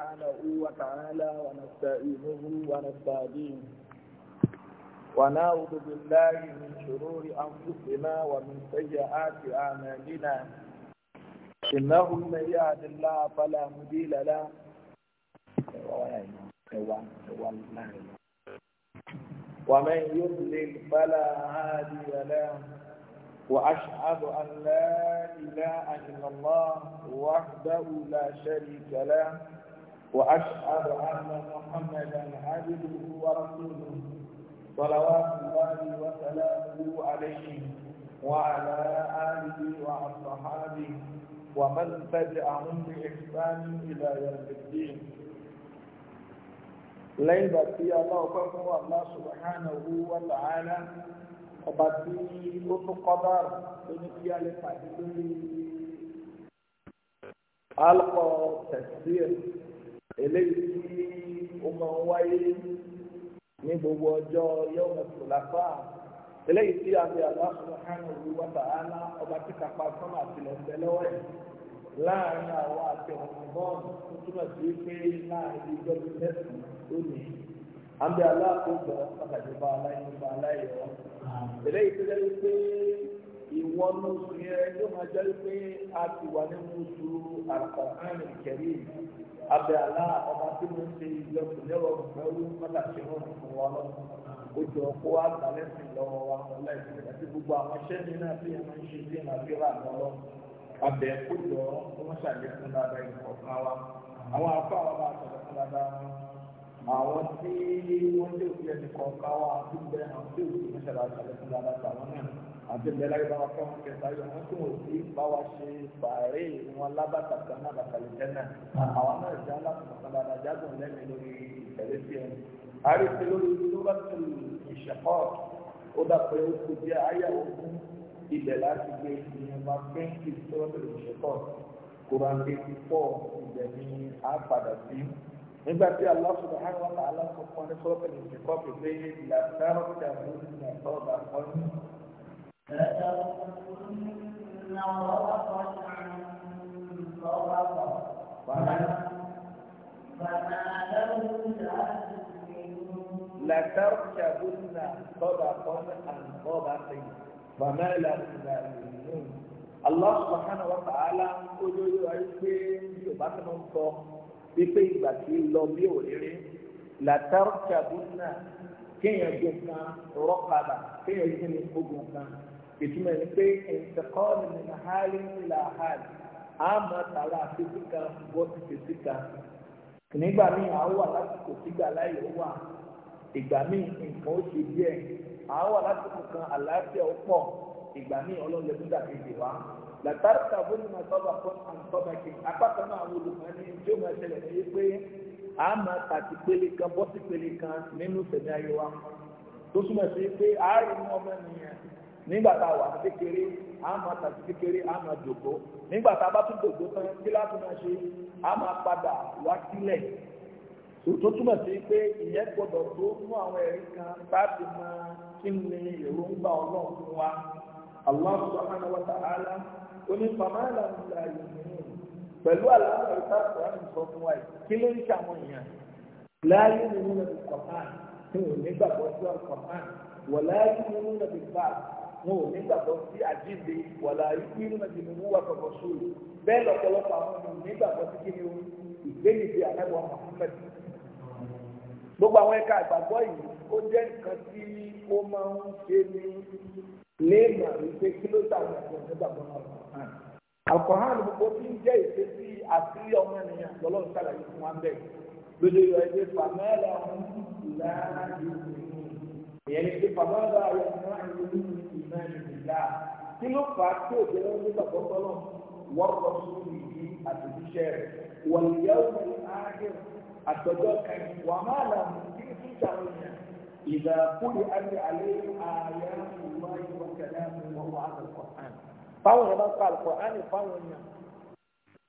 سبحانه وتعالى ونستعينه ونستهديه ونعوذ بالله من شرور أنفسنا ومن سيئات أعمالنا إنه من يهد الله فلا مضل له ومن يضلل فلا هادي له وأشهد أن لا إله إلا الله وحده لا شريك له وأشهد أن محمدا عبده ورسوله صلوات الله وسلامه عليه وعلى آله وأصحابه ومن تبعهم بإحسان إلى يوم الدين lẹ́yìn ìgbà tí aláwọ̀kọ́ fún wa Allah subhanahu wa ta'ala ọba tí ó tún kọ́bá tó ní kí a lè pàdé lórí alkọ̀ tẹ̀síẹ̀ eléyìí tí ó máa ń wáyé ní gbogbo ọjọ́ yóò mọ̀ tó lápá eléyìí tí a fi Allah subhanahu wa ta'ala ọba tí kápá sọ́nà àtìlẹ̀ ń bẹ lọ́wọ́ ẹ̀ láàrin àwọn àti ọ̀nà bọ́ọ̀lù tó túmọ̀ sí pé láàrin ìjọ bí mẹ́sàn-án tó àbí Allah tó gbọ́ pàtàkì bá aláìní bá aláìyọ eléyìí tó jẹ́ pé ìwọ ní oṣù yẹn yóò máa jẹ́ pé a ti wà nínú oṣù Al-Qur'an abẹ àlá ọba tí mo ṣe ìlẹ̀kùn lẹ́rọ̀ mẹ́rú mọ́tàṣẹ́ wọn fún wa lọ ó jọ kó wa gbalẹ̀ sí lọ́wọ́ wa ọlá ìsìn àti gbogbo àwọn iṣẹ́ mi náà tí yẹn máa ń ṣe sí ìrìn àbí ràn lọ́wọ́ abẹ kó jọ kó wọ́n ṣàlékún dáadáa ìkọ̀ọ̀kan wa àwọn afọ àwọn bá ṣàlékún dáadáa wọn àwọn tí wọ́n lè fi ẹnì kọ̀ọ̀kan wa àti bẹ́ẹ̀ àwọn tí òṣèlú ṣàlàyé ṣàlékún dáadáa àbẹ̀bẹ̀láyé bá wa fọ́ wọn kẹta yọ wọn tó wọn sí bá wa ṣe fàárẹ̀ wọn lábàtà kan náà bàtàlẹ̀ tẹ́nà àwọn náà jẹ́ alákùnkànlá jágùn lẹ́mìí lórí ìtẹ̀lé sí ẹni. àríṣe lórí lóbàtú ìṣẹ̀kọ́ ó dà pé ó díẹ̀ ayáwó fún ilẹ̀ láti gbé ìyẹnba twenty lóbàtú ìṣẹ̀kọ́ kóran eighty four ibẹ̀ ni a padà sí. nígbà tí Allah subhanahu wa ta'ala aláṣọ fún ọ فإن ربط عن ربط فما له لتركبن طبقا عن طبق فما لهم لا يؤمنون Allah subhanahu wa ta'ala ó lórí wa pé bí o bá tó máa ń sọ wípé ìgbà tí lọ bí òréré làtàrúkàbùnà kéèyàn gbọ̀ngàn rọ́kàlà kéèyàn gbọ̀ngàn ogun kan ìtumọ̀ ní pé ìtẹ̀kọ́ọ̀nù ní àhálí ìlà àhálí a máa tààrà àfẹ́sí kan bọ́ sí fèsì kan nígbà míì a wà lásìkò sígbà láyé wà ìgbà míì nǹkan ó ṣe díẹ̀ a wà lásìkò kan àlàáfíà ó pọ̀ ìgbà míì ọlọ́lẹ̀ nígbà kejì wá látàrí tàbí ní ma sọ́ba fún àǹtọ́ba kejì apá náà àwọn olùmọ̀ ní tí máa ṣẹlẹ̀ ní pé a máa tàti pele kan bọ́ sí kan nínú sẹ̀mí ayé wa tó túmọ̀ sí pé àárín ọmọ nìyẹn nígbà tá a wà kékeré a máa tàbí kékeré a máa jòkó nígbà tá a bá tún dògbò tán kí láti máa ṣe a máa padà wá sílẹ̀ tó túmọ̀ sí pé ìyẹn gbọ́dọ̀ tó mú àwọn ẹ̀rí kan láti máa kí ni èròǹgbà ọlọ́run fún wa Allah subhanahu wa ta'ala onífàmàlà ń la ìrìn pẹ̀lú àlàáfíà ìtàkùn àmì sọ fún wa yìí kí ló ń ṣe àwọn èèyàn láàyè nínú ẹ̀dùn kọ̀ọ̀kan tí sí ọ̀kọ̀ọ̀kan wọ̀ láàyè nínú ẹ̀dùn báà wọn ò nígbàgbọ́ sí àjíǹde wàlá ikú inú ẹ̀jẹ̀ mi wúwa kọ̀kọ̀ sóòlù bẹ́ẹ̀ lọ́pọ̀lọpọ̀ àwọn ọmọ mi nígbàgbọ́ sí kí ni o ìgbénìgbé àlẹ́wọ̀ Muhammad gbogbo àwọn ẹ̀ka ìgbàgbọ́ yìí ó jẹ́ nǹkan tí ó máa ń ṣe ní léèmà wípé kí ló dàrú ẹ̀jẹ̀ nígbàgbọ́ náà alkohol gbogbo tí ń jẹ́ ìṣe sí àtúnyẹ ọmọ ènìyàn lọ́lọ́run ṣàlàyé fún wa bẹ́ẹ̀ lójú yọ ẹgbẹ́ fàmẹ́lá ọ̀hún ìlànà ìlú ìyẹn ní pé fàmẹ́lá ọ̀hún ìlànà ìlú náà ìlà kí ló fà á tí òjò náà nígbà tó tọ́ náà wọ́n lọ sí ìdí àtẹ̀jíṣẹ́ rẹ̀ wọ́n yẹ wọ́n ní ààyè àtọ́jọ́ kan wà má là ń kí ní tún sàrò yẹn ìdá kúrò àti àlẹ́ ààyè ìwà ìwà kẹlẹ́ àti ìwà wà àn. fáwọn yẹn bá ń àlùkò á ní fáwọn yẹn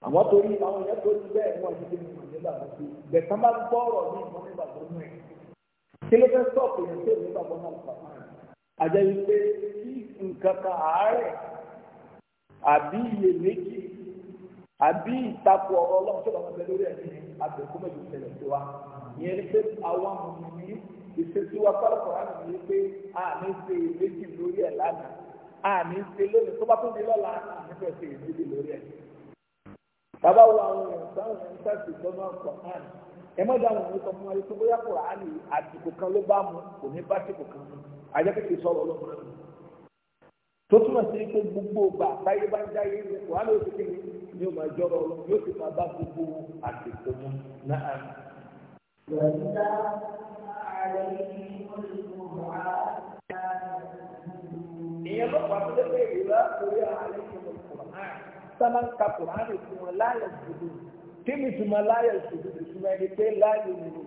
àwọn torí àwọn yẹn torí bẹ́ẹ̀ wọ́n ti dé ìmọ̀ nígbà tó ti bẹ̀ẹ̀ tán bá gbọ́ ọ̀rọ̀ ní ìmọ̀ nígbà tó mú ẹ̀ kí ló fẹ́ sọ̀kù yẹn tó nígbà tó náà àjẹ́ wípé tí nǹkan kan àárẹ̀ àbí iyèméjì àbí ìtakò ọ̀rọ̀ ọlọ́run tó bá wọn bẹ lórí ẹ̀mí àbẹ̀kú méjì ṣẹlẹ̀ sí wa ìyẹn ni pé àwọn mùmí ìṣesí wa pálọ̀pọ̀ láti ní pé a ní ṣe iyèméjì lórí ẹ̀ lánàá a ní ṣe lónìí tó bá tún di lọ́la a ní fẹ́ ṣe iyèméjì lórí ẹ̀. bàbá wo àwọn èèyàn sáwọn èèyàn sáàsì lọ́nà kọ̀ọ̀kan ẹ̀ mọ́jà àwọn èèyàn sọ fún wa pé bóyá kọ̀ọ̀kan àjẹkẹ́kẹ́ sọ̀rọ̀ ọlọ́run tó túmọ̀ sí pé gbogbo ọgbà báyé bá ń dáyé ní wàhálà òsì kìíní ni ó máa jọrọ ọlọ́run yóò sì máa bá gbogbo àsìkò mu náà. ìyẹn ló pàtó lé pé ìlú àkórí àárẹ̀ ìmọ̀ kùrán sábà ń ka kùrán rẹ̀ fún wọn láyọ̀ ìṣòro kí ni ìtumọ̀ láyọ̀ ìṣòro ìtumọ̀ ẹni pé láyọ̀ ìṣòro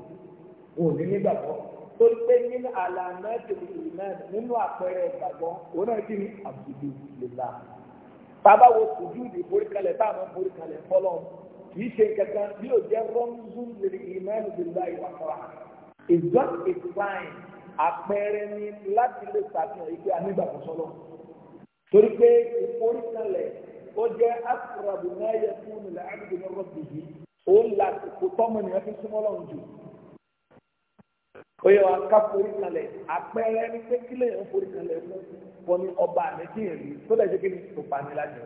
òní nígbàgbọ́ torí pé nínú àlànà tèmi ìmẹ́rin nínú àpẹẹrẹ ìgbàgbọ́ òun náà kí ni àbùdù lèlà bàbá wo sùdú ìdí ìforíkalẹ̀ bá àwọn ìforíkalẹ̀ fọlọ́ kìí ṣe kankan bí ó jẹ́ rọ́ńzún lèlè ìmẹ́rin lèlà ìwà kọ́ra it's just a sign àpẹẹrẹ ni láti lè ṣàfihàn ìgbé anígbàgbọ́ sọ́lọ́ torí pé ìforíkalẹ̀ ó jẹ́ asrabu náà yẹ fún ilẹ̀ àdúgbò náà rọ̀ oyè wa ká forí kalẹ̀ àpẹẹrẹ ní pé kílẹ̀ ń forí kalẹ̀ fún wọn ní ọba àmẹ́tí èrè tó dẹ̀ ṣe kí ni kò pa ní lájọ.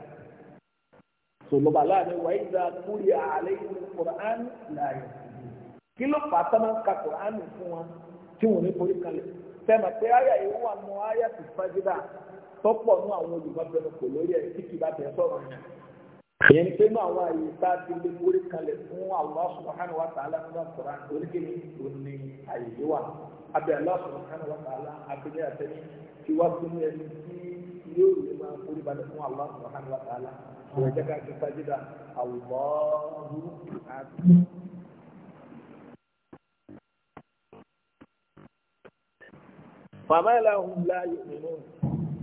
sọlọba láàrin wàyí gba kúrì àlẹ́ ìlú Qur'an láàyè kí ló fà á sábà ka Qur'an fún wọn tí wọn ní forí kalẹ̀ sẹ́mi pé àyà yìí wà nù àyà tó fájúdà tọ́pọ̀ nù àwọn olùgbàgbẹ́nu kò lórí ẹ̀ kíkì bá bẹ̀ sọ̀rọ̀ yẹn ìyẹn ni pé ní àwọn àyè tá a ti lè mórí kalẹ̀ fún Allah subhanahu wa ta'ala nínú àkùrá oníkèéní òní àyè yìí wà abẹ́ Allah subhanahu wa ta'ala abẹ́lé àtẹ́ni tí wá fún ẹni tí yóò lè máa mórí balẹ̀ fún Allah subhanahu wa ta'ala ìwọ̀n jẹ́ ká ti sájúdà Allahu àti. màmá ẹ̀ làwọn ń la yòmínú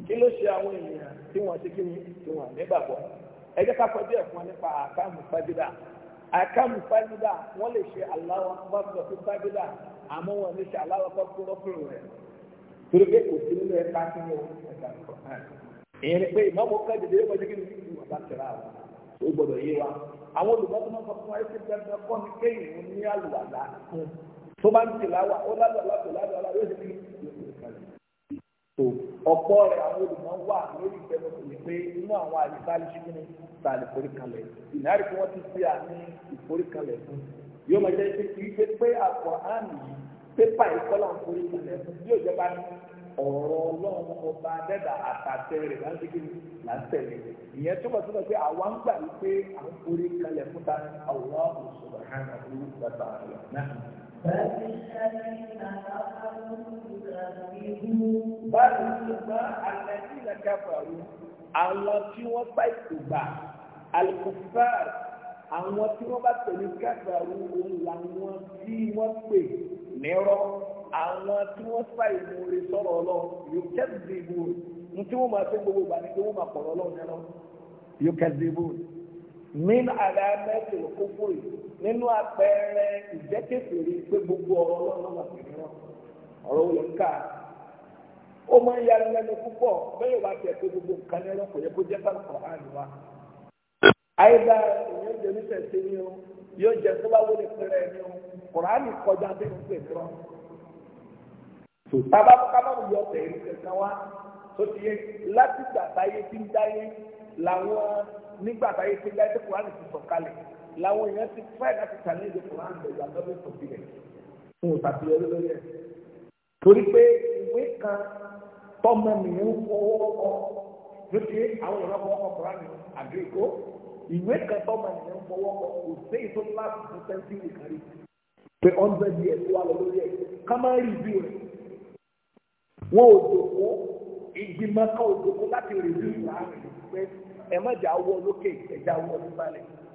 kí ló ṣe àwọn ènìyàn tí wọ́n ti kí ni tí wọ́n nígbàgbọ́ ẹ jẹ́ ká kọjú ẹ̀fọn nípa àkàmù fájúdà àkàmù fájúdà wọ́n lè ṣe aláwọ̀ bọ́ọ̀dù fún fájúdà àmọ́ wọn lè ṣe aláwọ̀ bọ́ọ̀dù fún rẹ̀ torí pé kò sí nínú ẹ̀ka tí wọ́n ẹ̀ka nǹkan hàn èyí pé ìmọ̀mọ́ kan yóò wájú kí ni ìlú àbá tẹ̀lá wa ó gbọ́dọ̀ yé wa àwọn olùbọ́dúnmọ́ ọ̀pọ̀ rẹ̀ àwọn olùmọ̀ wà lórí ìfẹ́nu kò ní pé inú àwọn àyíkáàlì ṣíkú ni ta lè forí kalẹ̀ ìnáyà kí wọ́n ti fi àmì ìforí kalẹ̀ fún yóò máa jẹ́ pé kì í ṣe pé àpò àmì yìí pépà ìkọ́lá ń forí kalẹ̀ fún yóò jẹ́ bá ní ọ̀rọ̀ ọlọ́run ọba dẹ́dà àtàtẹ rẹ̀ láti kí là ń tẹ̀lé ìyẹn túbọ̀ túbọ̀ pé àwa ń gbà wípé à ń forí kalẹ̀ fún ta ni àwọn ọ̀ṣọ́ Báyìí ṣùgbọ́n àlẹ́jì lè káfàrú, àwọn tí wọ́n bá ìtògbà, àlùkùfà, àwọn tí wọ́n bá tẹ̀lé káfàrú òun làwọn tí wọ́n pè nírọ́, àwọn tí wọ́n fà ìmúre sọ̀rọ̀ lọ, yóò kẹ́sì bò, ní tí wọ́n máa fẹ́ gbogbo ìgbà ní pé wọ́n máa pọ̀rọ̀ lọ́wọ́ nírọ́, yóò kẹ́sì bò. Mí àlẹ́ mẹ́tò kókó yìí nínú apẹẹrẹ ìjẹ́kẹ̀fèrè pé gbogbo ọ̀rọ̀ ọlọ́run wà pẹ̀lú wọn ọ̀rọ̀ olè ń kà ó máa ń yára lẹ́nu púpọ̀ bẹ́ẹ̀ wá tẹ̀ pé gbogbo nǹkan ní ẹlọ́pọ̀ yẹ kó jẹ́ sálùkọ̀ àná wa. àyíká ìyẹn jẹ oníṣẹ̀ṣe ni o yóò jẹ tó bá wọlé pẹrẹ ni o kùránì kọjá bí mo pè mìíràn. tàbá kábàámu yọ tẹ̀rí kankan wá tó ti yẹ láti gbàgbáyé tí ń dáyé làwọn nígbàgbáyé tí ń dáyé tó kùránì ti sọ̀kalẹ̀ làwọn èèyàn ti fẹ́ láti kà ní èdè Kùránì pẹ̀lú àtọ́bí sọ̀bìlẹ̀ fún òtàbíyẹrí lórí ẹ̀. torí pé ìwé kan tọ́mọ nìyẹn fọwọ́ kọ lókè àwọn èèyàn fọwọ́ kọ Kùránì àgbékò ìwé kan tọ́mọ nìyẹn fọwọ́ kọ kò sí èyí láti fún sẹ́ńtírì kan rí pé hundred years wà lọ lórí ẹ̀ ká má rìvíw rẹ̀ wọn ò dòkó ìgbìmọ̀ kan ò dòkó láti rìvíw rẹ̀ ẹ má jà wọ lókè ẹ jà wọ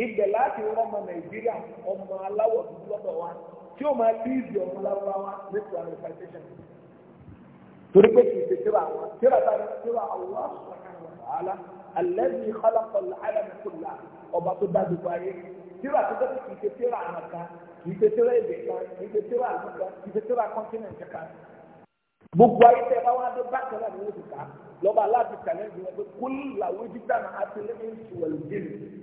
ibẹ̀ láti rọ́mọ nàìjíríà ọmọ aláwọ̀ dúdú lọ́dọ̀ wa tí ó máa líìdì ọmọ lárúbáwá lẹ́tọ̀ àwọn ìfàṣẹ́ṣẹ́ torí pé kì í ṣe tíra àwọn tíra tára tíra àwọn àlá alẹ́bí kọ́lákọ̀ làálàmì kò là ọba tó dá gbogbo ayé tíra tó dẹ́ kì í ṣe tíra àwọn kan kì í ṣe tíra èdè kan kì í ṣe tíra àwọn kan kì í ṣe tíra kọ́ńtínẹ̀ǹtì kan gbogbo ayé tẹ bá wá dé bákan náà ni wọ́n ti lọ́ba aláàbí kàlẹ́ ìgbìmọ̀ pé kúlù làwọn ojú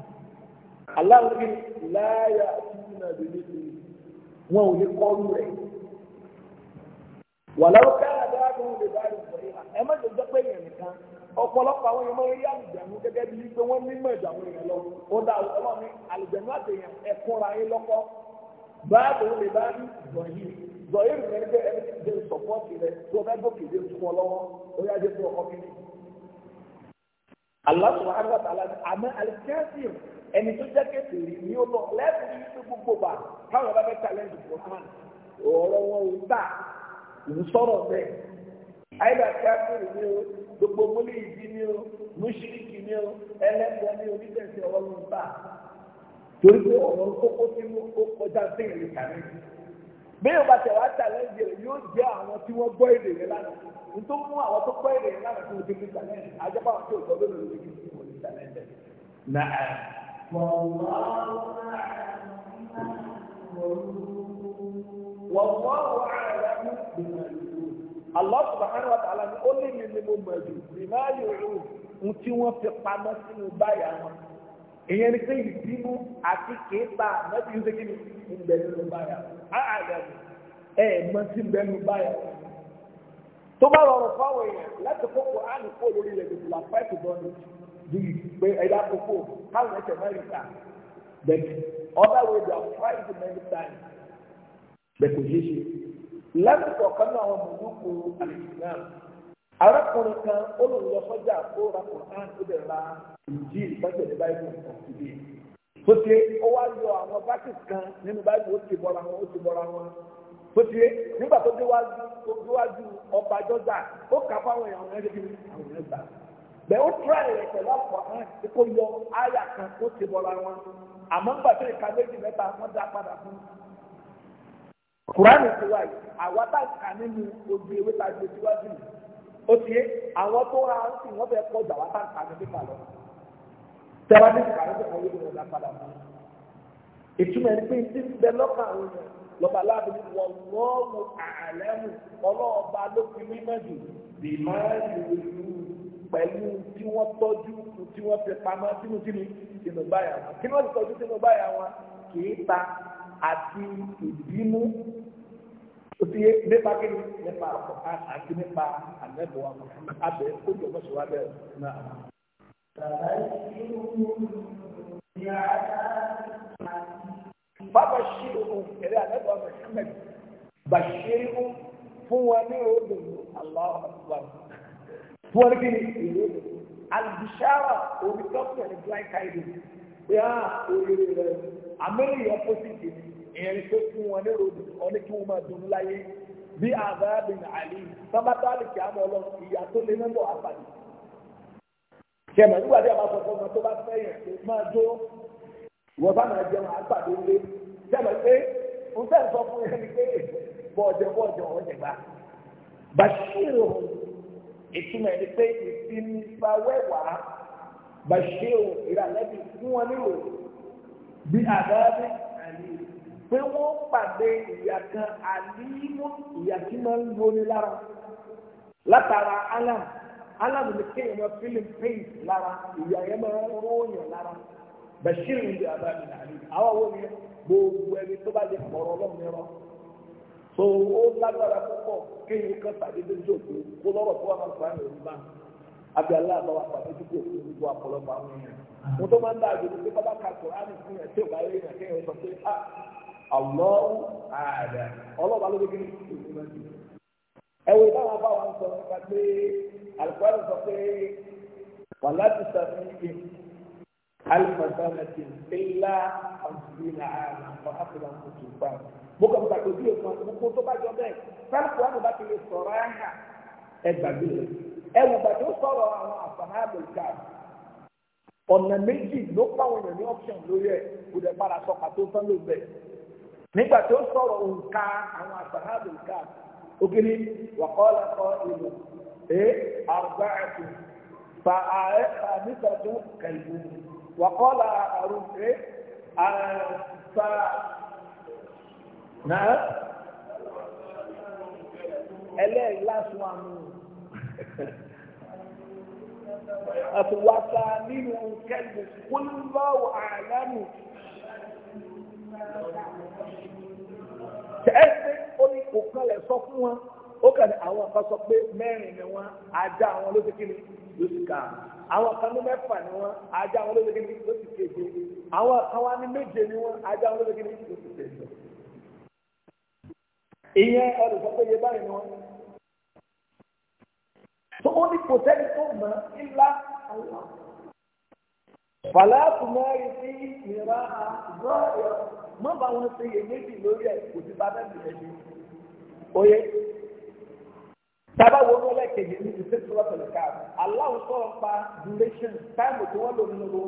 aláwọ̀dé láyà tìǹà lónìí wọn ò lè kọ́rù rẹ̀ wà lọ́wọ́ká àdáàbò lè bá rẹ̀ sọ yìí ẹ má jẹ́ pé èèyàn nìkan ọ̀pọ̀lọpọ̀ àwọn èèyàn máa ń rí àlùjànnú gẹ́gẹ́ bíi pé wọ́n nímọ̀ ìjàmú èèyàn lọ ó dá ọlọ́run ní àlùjànnú àtẹ̀yàn ẹ̀kúnra yín lọ́kọ́ báàbò lè bá rí sọ yìí rẹ̀ jẹ́ ẹni tí jẹ́ rẹ̀ tó fẹ́ gòkè dé fún ọ lọ́wọ́ ó yá jẹ́ fún ọkọ ẹni tó jẹ́ kékeré ni ó lọ lẹ́ẹ̀kì ní gbogbo wa táwọn bá fẹ́ challenge for hand ọ̀rọ̀ wọn ò gbà ń sọ̀rọ̀ bẹ́ẹ̀ àyíká o gbogbo ìdí ni o mùsùlùmí ni o ẹlẹ́gbọ́n ni o onídẹ̀ẹ́sẹ̀ gbà torí pé ọ̀rọ̀ kókó kọjá bá tẹ̀ wá challenge rẹ̀ yóò jẹ́ àwọn tí wọ́n gbọ́ èdè rẹ̀ lánàá tó والله أعلم بما الله سبحانه وتعالى ó lé mi ni mo mọ̀ jù bímá yòówù ń tí wọ́n fi pamọ́ sínú báyà wọn èyàn ni pé ìbínú àti kéèpà mẹ́bí ń sékìlì ń bẹ nínú báyà áàdàmù ẹ mọ sí ń bẹ tó bá rọrùn fáwọn èèyàn láti kókò ánìkó lórí ilẹ̀ gbèsè làpá ètò bọ́ọ̀lù yìí pé ẹ̀dá àkókò káwọn ẹ̀sẹ̀ máa rí ta but other way they have tried many times but kò ṣeé ṣe lásìkò ọ̀kan náà àwọn mọ̀lúkù àlìsílám arákùnrin kan olùlọ sọ́jà ó ra kùnán ó dẹ̀ ra ìjì ìpẹ́sẹ̀ ní báyìí fún ọ̀sìdì tó ṣe ó wá yọ àwọn bákì kan nínú báyìí ó ti bọ́ra wọn ó ti bọ́ra wọn tó ṣe nígbà tó déwájú ọba jọjà ó kà fún èèyàn ọ̀rẹ́ bẹ́ẹ̀ ó tura rẹ̀ pẹ̀lú àkùrán tí kò yọ àyà kan tó ti bọ̀ra wọn àmọ́ nígbà tó ìka méjì mẹ́ta wọ́n dá padà fún un. Kùránì ti wá yìí àwa tá a kà nínú ojú ewé tá a gbé síwájú yìí ó ti yé àwọn tó ra ń sìn wọ́n fẹ́ pọ̀ jà wá tá a kà ní pípa lọ. Tẹ́wá ní ìkà ló tẹ̀wọ́ yóò lọ́dà padà mú. Ìtumọ̀ ẹni pé ti ń bẹ lọ́kàn àwọn èèyàn lọ́ba aláàbò ní wọ́n wọ́ọ̀mù àlẹ́mù ọlọ́ọ̀ba ló fi mímọ́ jù bí máa ń pẹ̀lú tí wọ́n tọ́jú tí wọ́n fi pamọ́ sínú kíni sínú báyà wọn kí wọ́n ti tọ́jú sínú báyà wọn kì í ta àti ìbínú òtí nípa kíni nípa àpò àti nípa àlẹ́bọ̀ àwọn abẹ ojú ọmọ sọ wá bẹ́ẹ̀ náà. Bàbá ṣe òun ẹ̀rẹ́ àlẹ́bọ̀ Mùhàmmad bàṣẹ́ òun fún wa ní òdòdó Allah akbar tí wọ́n kí ni èrè alùbíṣáwà omi dọ́kítọ̀ ní blind kaidi pé á oríire rẹ amẹ́rì ọ̀pọ̀sìtì ìrìn tó fún wọn ní ròdù ọ̀ní kí wọ́n máa dùn láyé bí àbábí àlè sábàtàlì kí á mọ̀ lọ ìyá tó lé mẹ́bọ̀ àpàdé. kẹmẹ nígbà tí a bá sọ fún ọmọ tó bá fẹ́ yẹn tó máa jó wọ́n bá máa jẹun àpàdé lé kẹmẹ pé n fẹ́ sọ fún yẹn ni pé bọ́ọ̀jẹ̀ bọ́ọ̀jẹ̀ ọ̀jẹ̀ ìtumọ̀ ẹni pé ìsinmifáwẹ́wàá bàṣẹ́ò ìrànlẹ́bí fún wọn nílò bí àdáyébí àlè pé wọ́n pàdé ìyá kan àlímú ìyá tí máa ń lóni lára látara alam alam ní kéèyàn máa fílìm paint lára ìyá yẹn máa ń ròyìn lára bàṣẹ́ò ní àdáyébí àlè àwọn wo ni gbogbo ẹni tó bá lè kọ̀rọ̀ ọlọ́run ẹ̀rọ. so ó lágbára púpọ̀ kéèyàn kan tàbí lójú òkú kó lọ́rọ̀ tó wà máa fà á ní òní bá abẹ́ aláàbá pàdé ma kò fún gbogbo àpọ̀lọpọ̀ àwọn èèyàn mo tó máa ń dáa jòló pé bàbá kan fún tí ò bá sọ pé a àlọ́ ààrẹ ọlọ́ba ló jù mo kàn gbà tó bí o kan gbogbo tó bá jọ bẹ́ẹ̀ sáàpù àwọn bá ti lè sọ̀rọ̀ ẹ̀ hàn ẹ gbàgbé rẹ̀ ẹ wò gbàgbé ó sọ̀rọ̀ àwọn àfààní àbẹ̀ká ọ̀nà méjì ló pàwọn èèyàn ní option lórí ẹ̀ kò dẹ̀ padà sọ pàtó tán ló bẹ̀ nígbà tó sọ̀rọ̀ òǹkà àwọn àfààní àbẹ̀ká ògiri wàkọ́lá kọ́ ìlú ẹ àgbà ẹ̀kú fa ààrẹ àníkàtún kẹ̀lú wàkọ́lá àrùn ẹ fa náà ẹlẹ́yìn last one nù nínú kẹ́lù àlámù sọ fún wọn ó kàn àwọn kan sọ pé mẹ́rin ni wọ́n ajá àwọn ló ti kíni ló ti àwọn kan ní mẹ́fà ni wọ́n ajá àwọn àwọn kan ìyẹn ẹrù sọ pé iye báyìí ni wọ́n ní. tó ó ní kò sẹ́ni tó mọ̀ ńlá àwọn. fàlàtù mẹ́rin sí ìrà àgbọ̀ ẹ̀rọ má bá wọn ṣe iyèméjì lórí ẹ̀ kò sí bàbá mi rẹ̀ ṣe. oyè tábà ní ọlẹ́kẹ̀yẹ ní ìṣe tí wọ́n tẹ̀lé káàbù aláwọ̀ sọ̀rọ̀ pa duration táìmù tí wọ́n lò nínú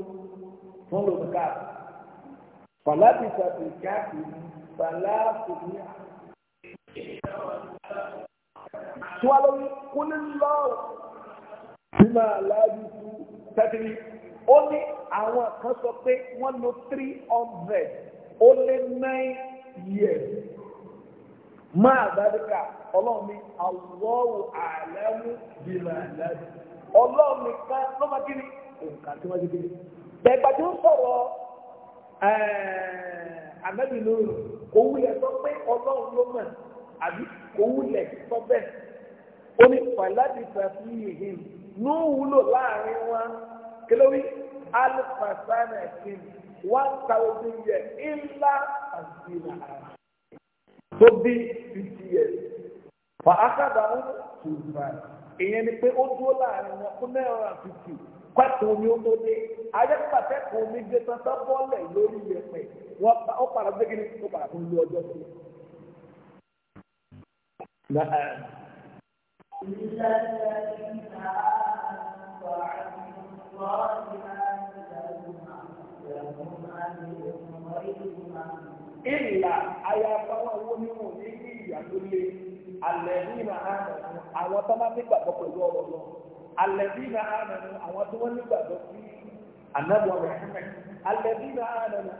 wọn lò ní káàbù. fàlàtù ìṣàtúnṣe àkùnrin fàlàtù ní tí wàá lórí kúlí lọ́wọ́ bí máa láàbí tú tẹ́tìrì ó ní àwọn kan sọ pé wọ́n lo three hundred ó lé nine years máa dáríkà ọlọ́run ní àwòrán àlẹ́mú bí máa láàbí ọlọ́run nìkan ló máa kiri òǹkà tí wọ́n ti kiri. bẹ̀gbà tí ó sọ̀rọ̀ ànábìlú àbí kò wúlẹ̀ sọ bẹ́ẹ̀ ó ní pàládì fàfihìn ní wúlò láàrin wọn kílówí alifasana ẹ̀sìn one thousand years ńlá àti ìlànà tó bí fifty years fa akada ń tù báyìí ìyẹn ni pé ó dúró láàrin wọn fún náírà fifty pàtó omi ó tó dé ayẹ́pàtẹ́ kan omi gbé tán sábọ́ọ̀lẹ̀ lórí yẹpẹ̀ wọ́n ó padà gbé kí ni ó padà fún ilé ọjọ́ sí i. ìlà ayaba wọn ní ní tó lé na àmàlù àwọn tó bá nígbàgbọ́ pẹ̀lú ọ̀rọ̀ lọ alẹ́bí na àmàlù àwọn tó wọ́n nígbàgbọ́ sí rẹ̀ na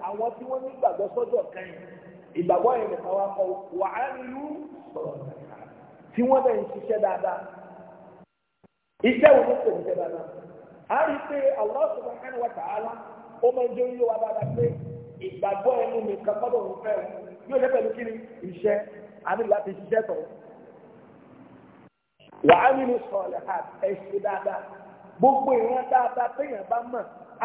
àwọn tí wọ́n ìgbàgbọ́ yẹn tí wọ́n bẹ̀ ń ṣiṣẹ́ dáadáa iṣẹ́ wo ló pè ní iṣẹ́ dáadáa a rí i pé Allah subhanahu wa ta'ala ó máa ń jẹ́ oyé wa dáadáa pé ìgbàgbọ́ ẹnu mi kan gbọ́dọ̀ ń fẹ́ o yóò lé pẹ̀lú kíni iṣẹ́ àmì láti ṣiṣẹ́ tọ̀ wà á nínú sọ̀lẹ̀ ha dáadáa gbogbo ìran dáadáa téèyàn bá mọ̀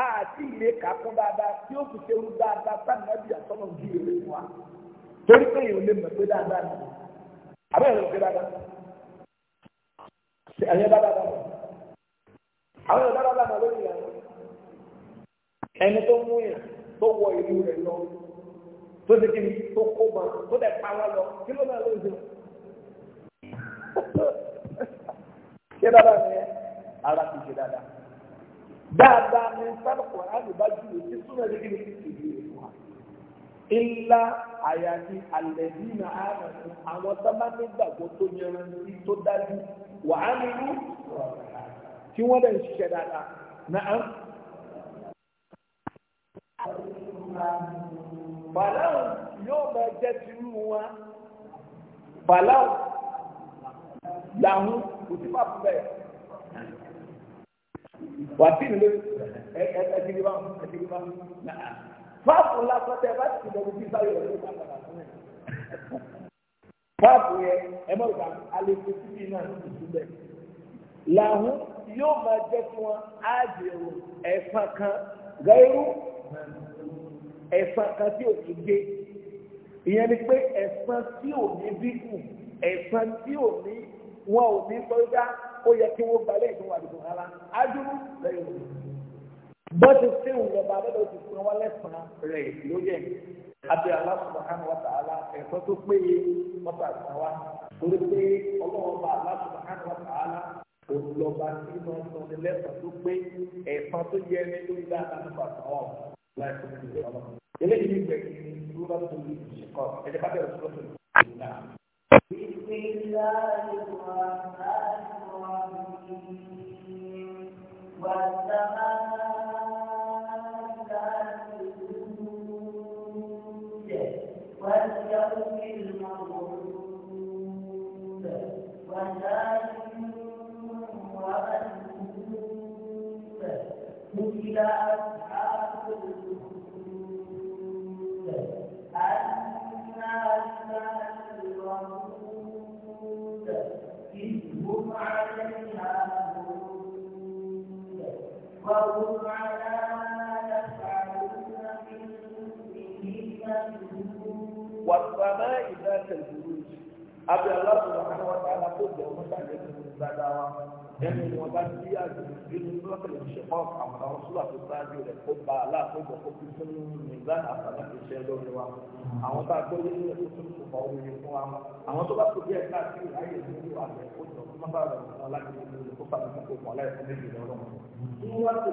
àti ilé kàkún dáadáa tí ó fi ṣerú dáadáa sáà nàbì àtọ́nà ojú ìrè wa torí pé èèyàn lè mọ̀ pé dáadáa nìyẹn àbẹ́ ẹ̀rọ òfin dáadáa ṣe ẹ̀yẹ bá dáadáa mọ̀ àwọn ẹ̀rọ dáadáa mọ̀ lórí ìyá ẹni tó mú yàn tó wọ ìlú rẹ̀ lọ tó ṣe kí tó kó ma tó dẹ̀ pa wọn lọ kí ló náà ló ń ṣe ṣe dáadáa ni ara ti ṣe dáadáa dáadáa ni sábà kọ̀ ọ́ àdùbájú rẹ̀ tí súnmọ́ ẹ̀ ṣe kí ni ti ṣe ìlú rẹ̀ ńlá àyàfi àlẹ́dínà àmàlù àwọn sábà nígbàgbọ́ tó yanrantí tó dájú wà á nínú tí wọ́n lè ṣiṣẹ́ dáadáa náà. Bàláwù yóò máa jẹ́ tìrú wa. Bàláwù làwọn kò máa fún bẹ́ẹ̀. Wàá tì nílé ẹ ẹ ẹ kiri bá ẹ kiri bá náà báàbù lásán tẹ bá ti bẹ̀rù bí báyọ̀ lórí bàbá báàbù yẹ ẹ mọ̀ gbà àlejò síbi náà ti tún bẹ̀. làwọn yóò máa jẹ́ fún wọn áàdìrò ẹ̀fọn kan gẹ́rú ẹ̀fọn kan tí ò ti gbé ìyẹn ni pé ẹ̀fọn tí ò ní dínkù ẹ̀fọn tí ò ní wọn ò ní sọ́jà ó yẹ kí wọ́n gbalẹ̀ ìdúnwà rárá ájúrú lẹ́yìn òun bó ti fi wùlọ bàbá lọ ti fún wọn lẹ́sàn rẹ̀ ló abẹ́ Allah subhanahu wa ta'ala ẹ̀kọ́ tó péye mọ́tò àgbà torí pé ọlọ́wọ́ bá Allah subhanahu wa ta'ala olùlọ́ba tí mo ń sọ ní lẹ́sàn tó pé ẹ̀sán tó yẹ ní lórí dáadáa nípa àtàwọn láì fún mi lè ọlọ́ eléyìí ní gbẹ̀gì ní ìlú tó lè ṣe kọ́ ẹ̀jẹ̀ bá bẹ̀rẹ̀ إلى أصحاب الجنود النار الموجود إذ هم عليها وهم على abẹ́ aláàbò wọn àwọn ọ̀tá aláàbò jẹ́ ọmọ sáyẹn tuntun dáadáa wa ẹnu wọn bá ti àjò nínú lọ́kẹ̀lẹ̀ ìṣẹ̀kọ́ àwọn àwọn sùlà tó sáájú rẹ̀ kó ba aláàbò jọ kó fún fún nígbà àfàlà tó ṣe lórí wa àwọn tá a gbọ́ yé nílẹ̀ tó tún kò fọ́ omi fún wa àwọn tó bá tó bí ẹ̀ka sí ìráyè nínú àgbẹ̀ kó jọ kó má bàa rẹ̀ wọn láti